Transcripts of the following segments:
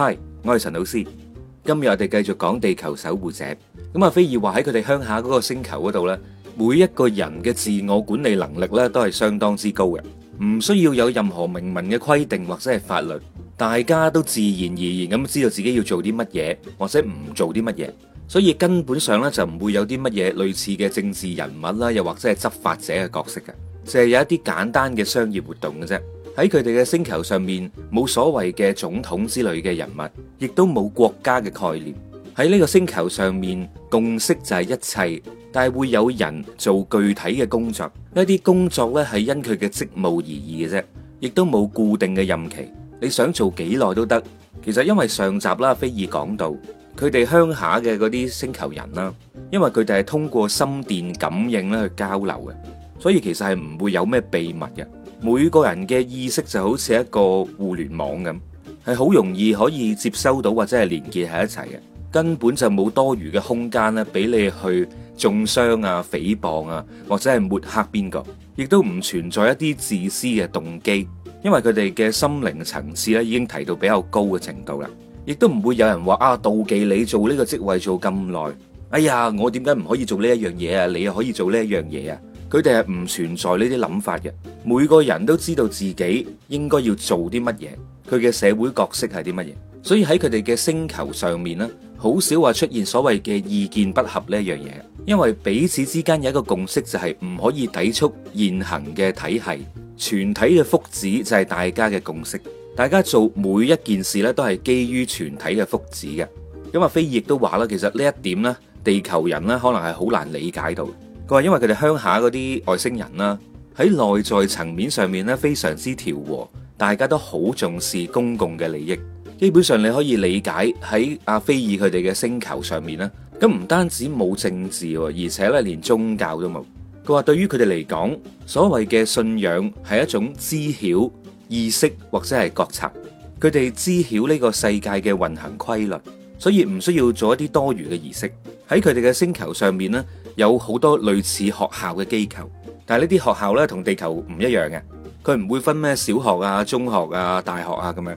嗨，Hi, 我係陳老師。今日我哋繼續講地球守護者。咁阿菲爾話喺佢哋鄉下嗰個星球嗰度咧，每一個人嘅自我管理能力咧都係相當之高嘅，唔需要有任何明文嘅規定或者係法律，大家都自然而然咁知道自己要做啲乜嘢或者唔做啲乜嘢，所以根本上咧就唔會有啲乜嘢類似嘅政治人物啦，又或者係執法者嘅角色嘅，淨係有一啲簡單嘅商業活動嘅啫。喺佢哋嘅星球上面，冇所謂嘅總統之類嘅人物，亦都冇國家嘅概念。喺呢個星球上面，共識就係一切，但係會有人做具體嘅工作。呢啲工作呢係因佢嘅職務而異嘅啫，亦都冇固定嘅任期。你想做幾耐都得。其實因為上集啦，菲爾講到佢哋鄉下嘅嗰啲星球人啦，因為佢哋係通過心電感應咧去交流嘅，所以其實係唔會有咩秘密嘅。每個人嘅意識就好似一個互聯網咁，係好容易可以接收到或者係連結喺一齊嘅，根本就冇多餘嘅空間咧，俾你去中傷啊、誹謗啊，或者係抹黑邊個，亦都唔存在一啲自私嘅動機，因為佢哋嘅心靈層次咧已經提到比較高嘅程度啦，亦都唔會有人話啊妒忌你做呢個職位做咁耐，哎呀我點解唔可以做呢一樣嘢啊？你又可以做呢一樣嘢啊？佢哋係唔存在呢啲諗法嘅，每個人都知道自己應該要做啲乜嘢，佢嘅社會角色係啲乜嘢，所以喺佢哋嘅星球上面咧，好少話出現所謂嘅意見不合呢一樣嘢，因為彼此之間有一個共識就係唔可以抵觸現行嘅體系，全體嘅福祉就係大家嘅共識，大家做每一件事咧都係基於全體嘅福祉嘅。咁阿非業都話啦，其實呢一點咧，地球人咧可能係好難理解到。佢話因為佢哋鄉下嗰啲外星人啦，喺內在層面上面咧，非常之調和，大家都好重視公共嘅利益。基本上你可以理解喺阿菲爾佢哋嘅星球上面啦。咁唔單止冇政治，而且咧連宗教都冇。佢話對於佢哋嚟講，所謂嘅信仰係一種知曉意識或者係覺察，佢哋知曉呢個世界嘅運行規律。所以唔需要做一啲多餘嘅儀式。喺佢哋嘅星球上面呢，有好多類似學校嘅機構，但係呢啲學校呢，同地球唔一樣嘅，佢唔會分咩小學啊、中學啊、大學啊咁樣，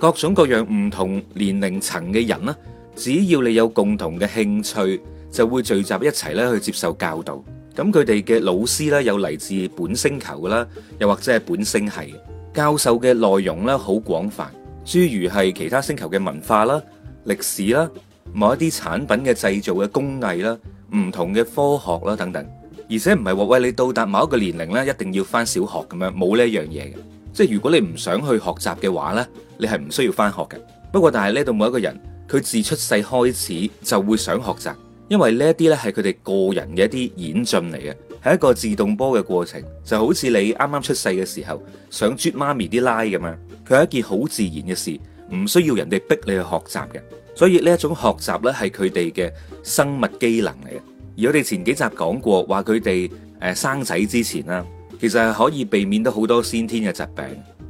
各種各樣唔同年齡層嘅人咧，只要你有共同嘅興趣，就會聚集一齊咧去接受教導。咁佢哋嘅老師呢，有嚟自本星球啦，又或者係本星系。教授嘅內容呢，好廣泛，諸如係其他星球嘅文化啦。歷史啦，某一啲產品嘅製造嘅工藝啦，唔同嘅科學啦等等，而且唔係話喂，你到達某一個年齡咧，一定要返小學咁樣，冇呢一樣嘢嘅。即係如果你唔想去學習嘅話呢，你係唔需要返學嘅。不過但係呢度每一個人，佢自出世開始就會想學習，因為呢一啲呢係佢哋個人嘅一啲演進嚟嘅，係一個自動波嘅過程。就好似你啱啱出世嘅時候想啜媽咪啲奶咁樣，佢係一件好自然嘅事。唔需要人哋逼你去學習嘅，所以呢一種學習咧，係佢哋嘅生物機能嚟嘅。而我哋前幾集講過，話佢哋誒生仔之前啦，其實係可以避免到好多先天嘅疾病，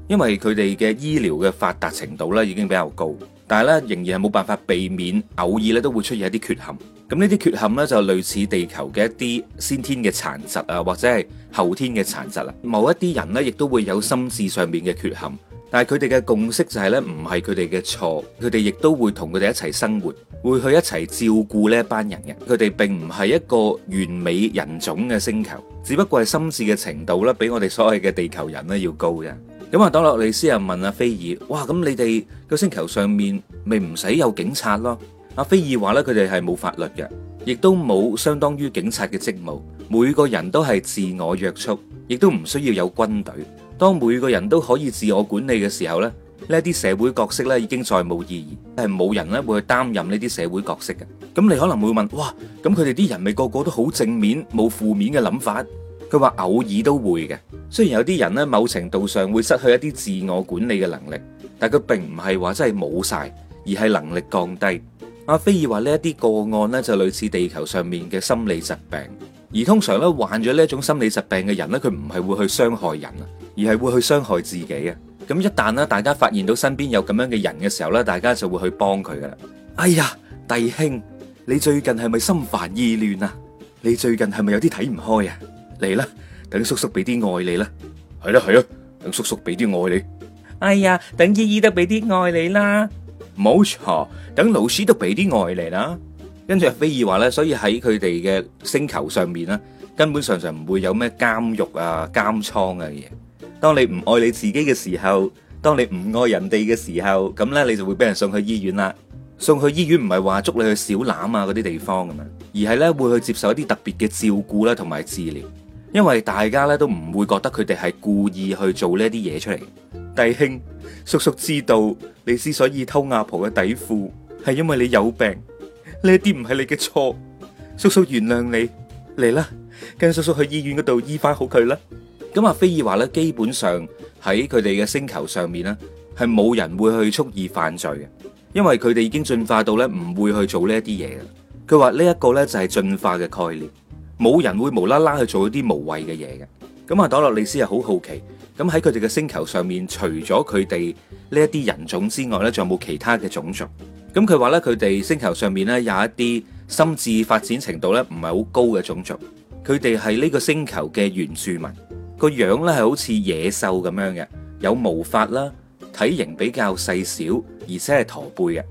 因為佢哋嘅醫療嘅發達程度呢已經比較高，但係呢，仍然係冇辦法避免，偶爾咧都會出現一啲缺陷。咁呢啲缺陷呢，就類似地球嘅一啲先天嘅殘疾啊，或者係後天嘅殘疾啊。某一啲人呢，亦都會有心智上面嘅缺陷。但係佢哋嘅共識就係咧，唔係佢哋嘅錯，佢哋亦都會同佢哋一齊生活，會去一齊照顧呢一班人嘅。佢哋並唔係一個完美人種嘅星球，只不過係心智嘅程度咧，比我哋所謂嘅地球人咧要高啫。咁啊，朵洛莉絲啊問阿菲爾：哇，咁你哋個星球上面咪唔使有警察咯？阿菲爾話咧，佢哋係冇法律嘅，亦都冇相當於警察嘅職務，每個人都係自我約束，亦都唔需要有軍隊。當每個人都可以自我管理嘅時候咧，呢啲社會角色咧已經再冇意義，係冇人咧會去擔任呢啲社會角色嘅。咁你可能會問：哇，咁佢哋啲人咪個個都好正面，冇負面嘅諗法？佢話偶爾都會嘅。雖然有啲人咧，某程度上會失去一啲自我管理嘅能力，但佢並唔係話真係冇晒，而係能力降低。阿菲爾話呢一啲個案呢，就類似地球上面嘅心理疾病，而通常咧患咗呢一種心理疾病嘅人呢，佢唔係會去傷害人啊。而係會去傷害自己啊！咁一旦咧，大家發現到身邊有咁樣嘅人嘅時候咧，大家就會去幫佢噶啦。哎呀，弟兄，你最近係咪心煩意亂啊？你最近係咪有啲睇唔開啊？嚟啦，等叔叔俾啲愛你啦。係啦係啦，等叔叔俾啲愛你。哎呀，等姨姨都俾啲愛你啦。冇錯，等老師都俾啲愛你啦。跟住菲爾話咧，所以喺佢哋嘅星球上面咧，根本上就唔會有咩監獄啊、監倉啊嘅嘢。當你唔愛你自己嘅時候，當你唔愛人哋嘅時候，咁呢你就會俾人送去醫院啦。送去醫院唔係話捉你去小欖啊嗰啲地方咁樣，而係呢會去接受一啲特別嘅照顧啦同埋治療。因為大家呢都唔會覺得佢哋係故意去做呢啲嘢出嚟。弟兄，叔叔知道你之所以偷阿婆嘅底褲，係因為你有病。呢啲唔係你嘅錯，叔叔原諒你。嚟啦，跟叔叔去醫院嗰度醫翻好佢啦。咁阿菲爾話咧，基本上喺佢哋嘅星球上面咧，係冇人會去蓄意犯罪嘅，因為佢哋已經進化到咧唔會去做呢一啲嘢。佢話呢一個咧就係進化嘅概念，冇人會無啦啦去做一啲無謂嘅嘢嘅。咁阿朵洛利斯係好好奇，咁喺佢哋嘅星球上面，除咗佢哋呢一啲人種之外咧，仲有冇其他嘅種族？咁佢話咧，佢哋星球上面咧有一啲心智發展程度咧唔係好高嘅種族，佢哋係呢個星球嘅原住民。個樣咧係好似野獸咁樣嘅，有毛髮啦，體型比較細小，而且係駝背嘅。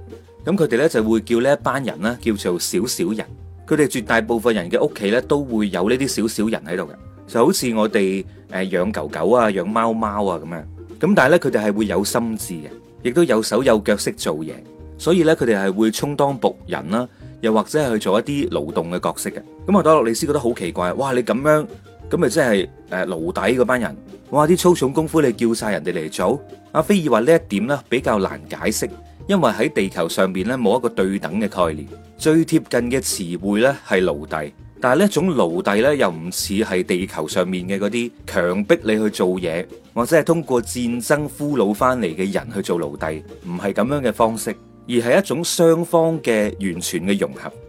咁佢哋咧就會叫呢一班人啦，叫做小小人。佢哋絕大部分人嘅屋企咧都會有呢啲小小人喺度嘅，就好似我哋誒養狗狗啊、養貓貓啊咁樣。咁但係咧佢哋係會有心智嘅，亦都有手有腳識做嘢，所以咧佢哋係會充當僕人啦，又或者係去做一啲勞動嘅角色嘅。咁啊，多洛里斯覺得好奇怪，哇！你咁樣。咁咪即係誒奴隸嗰班人，哇！啲粗重功夫你叫晒人哋嚟做，阿菲爾話呢一點呢比較難解釋，因為喺地球上邊呢，冇一個對等嘅概念，最貼近嘅詞彙呢係奴隸，但係呢一種奴隸呢又唔似係地球上面嘅嗰啲強迫你去做嘢，或者係通過戰爭俘虜翻嚟嘅人去做奴隸，唔係咁樣嘅方式，而係一種雙方嘅完全嘅融合。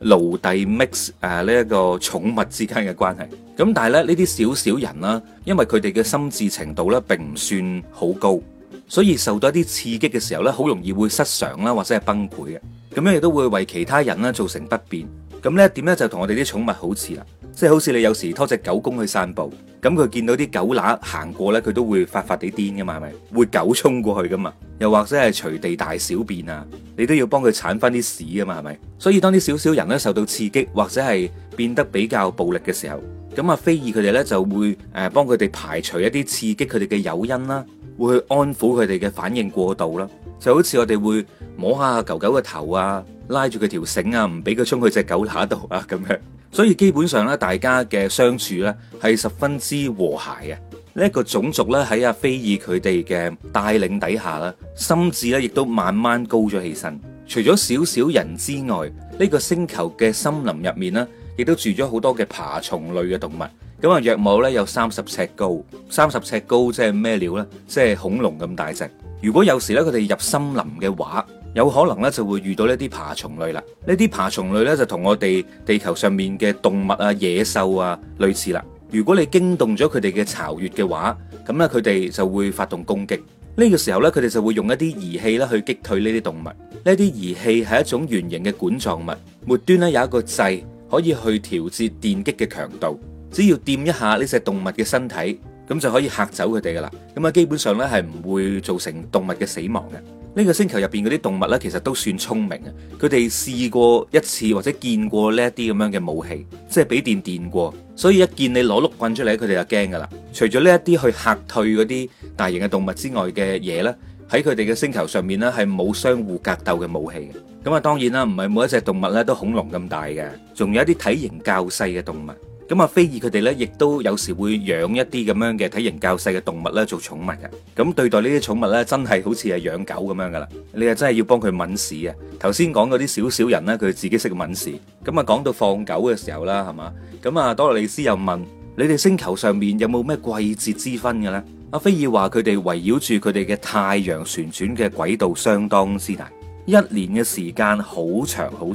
奴隸 mix 誒呢一個寵物之間嘅關係，咁但係咧呢啲少少人啦，因為佢哋嘅心智程度咧並唔算好高，所以受到一啲刺激嘅時候咧，好容易會失常啦，或者係崩潰嘅，咁樣亦都會為其他人咧造成不便。咁呢點樣就同我哋啲寵物好似啦？即係好似你有時拖隻狗公去散步，咁佢見到啲狗乸行過咧，佢都會發發地癲噶嘛，係咪？會狗衝過去噶嘛？又或者係隨地大小便啊？你都要幫佢鏟翻啲屎噶嘛，係咪？所以當啲少少人咧受到刺激或者係變得比較暴力嘅時候，咁啊非議佢哋咧就會誒幫佢哋排除一啲刺激佢哋嘅誘因啦，會去安撫佢哋嘅反應過度啦。就好似我哋會摸下狗狗嘅頭啊，拉住佢條繩啊，唔俾佢衝去隻狗乸度啊，咁樣。所以基本上咧，大家嘅相處咧係十分之和諧嘅。呢一個種族咧喺阿非爾佢哋嘅帶領底下啦，心智咧亦都慢慢高咗起身。除咗少少人之外，呢個星球嘅森林入面咧，亦都住咗好多嘅爬蟲類嘅動物。咁啊，約莫咧有三十尺高，三十尺高即係咩料咧？即係恐龍咁大隻。如果有時咧，佢哋入森林嘅話。有可能咧就會遇到呢啲爬蟲類啦，呢啲爬蟲類咧就同我哋地球上面嘅動物啊野獸啊類似啦。如果你驚動咗佢哋嘅巢穴嘅話，咁咧佢哋就會發動攻擊。呢個時候呢，佢哋就會用一啲儀器咧去擊退呢啲動物。呢啲儀器係一種圓形嘅管狀物，末端咧有一個掣可以去調節電擊嘅強度。只要掂一下呢隻動物嘅身體。咁就可以吓走佢哋噶啦，咁啊基本上咧係唔會造成動物嘅死亡嘅。呢個星球入邊嗰啲動物咧，其實都算聰明嘅。佢哋試過一次或者見過呢一啲咁樣嘅武器，即係俾電電過，所以一見你攞碌棍出嚟，佢哋就驚噶啦。除咗呢一啲去嚇退嗰啲大型嘅動物之外嘅嘢咧，喺佢哋嘅星球上面咧，係冇相互格鬥嘅武器嘅。咁啊，當然啦，唔係每一隻動物咧都恐龍咁大嘅，仲有一啲體型較細嘅動物。咁啊，阿菲爾佢哋咧，亦都有時會養一啲咁樣嘅體型較細嘅動物咧，做寵物嘅。咁對待寵呢啲寵物咧，真係好似係養狗咁樣噶啦。你係真係要幫佢揾屎啊！頭先講嗰啲少少人咧，佢自己識揾屎。咁啊，講到放狗嘅時候啦，係嘛？咁啊，多蘿利斯又問：你哋星球上面有冇咩季節之分嘅咧？阿菲爾話：佢哋圍繞住佢哋嘅太陽旋轉嘅軌道相當之大，一年嘅時間好長好長。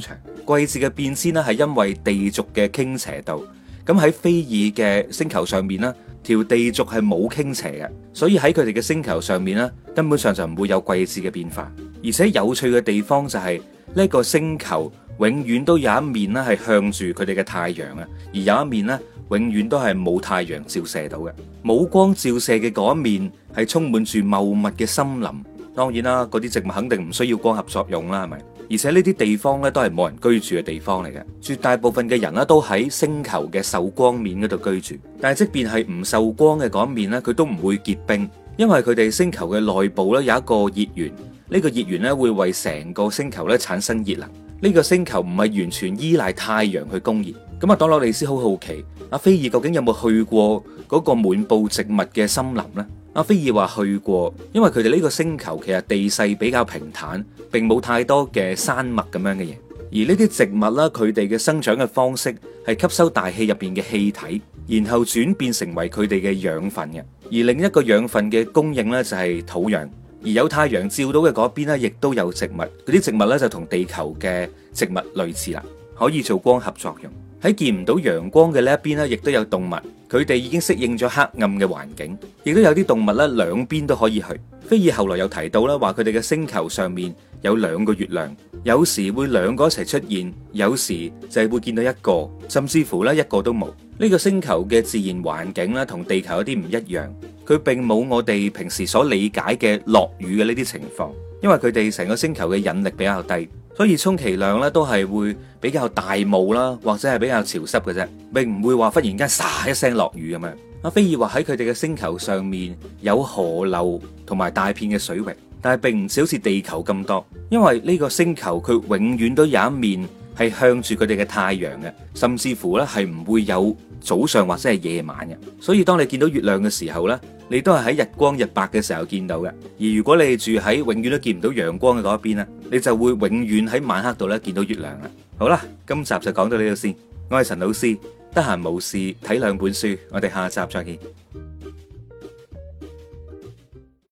季節嘅變遷呢，係因為地軸嘅傾斜度。咁喺非爾嘅星球上面呢，條地軸係冇傾斜嘅，所以喺佢哋嘅星球上面呢，根本上就唔會有季節嘅變化。而且有趣嘅地方就係呢個星球永遠都有一面呢係向住佢哋嘅太陽啊，而有一面呢永遠都係冇太陽照射到嘅，冇光照射嘅嗰一面係充滿住茂密嘅森林。當然啦，嗰啲植物肯定唔需要光合作用啦，係咪？而且呢啲地方呢都係冇人居住嘅地方嚟嘅，絕大部分嘅人呢都喺星球嘅受光面嗰度居住。但係即便係唔受光嘅嗰一面呢，佢都唔會結冰，因為佢哋星球嘅內部呢有一個熱源，呢個熱源呢會為成個星球呢產生熱能。呢個星球唔係完全依賴太陽去供熱，咁、嗯、啊，朵洛利斯好好奇，阿菲爾究竟有冇去過嗰個滿布植物嘅森林呢？阿菲爾話去過，因為佢哋呢個星球其實地勢比較平坦，並冇太多嘅山脈咁樣嘅嘢。而呢啲植物啦，佢哋嘅生長嘅方式係吸收大氣入邊嘅氣體，然後轉變成為佢哋嘅養分嘅。而另一個養分嘅供應呢，就係土壤。而有太陽照到嘅嗰邊呢，亦都有植物。嗰啲植物呢，就同地球嘅植物類似啦，可以做光合作用。喺見唔到陽光嘅呢一邊咧，亦都有動物，佢哋已經適應咗黑暗嘅環境，亦都有啲動物咧兩邊都可以去。菲爾後來又提到啦，話佢哋嘅星球上面有兩個月亮，有時會兩個一齊出現，有時就係會見到一個，甚至乎咧一個都冇。呢個星球嘅自然環境咧同地球有啲唔一樣，佢並冇我哋平時所理解嘅落雨嘅呢啲情況，因為佢哋成個星球嘅引力比較低。所以充其量咧，都係會比較大霧啦，或者係比較潮濕嘅啫，並唔會話忽然間啪一聲落雨咁樣。阿菲爾話喺佢哋嘅星球上面有河流同埋大片嘅水域，但係並唔少似地球咁多，因為呢個星球佢永遠都有一面係向住佢哋嘅太陽嘅，甚至乎咧係唔會有早上或者係夜晚嘅。所以當你見到月亮嘅時候呢，你都係喺日光日白嘅時候見到嘅。而如果你住喺永遠都見唔到陽光嘅嗰一邊咧。你就會永遠喺晚黑度咧見到月亮啦。好啦，今集就講到呢度先。我係陳老師，得閒無事睇兩本書。我哋下集再見。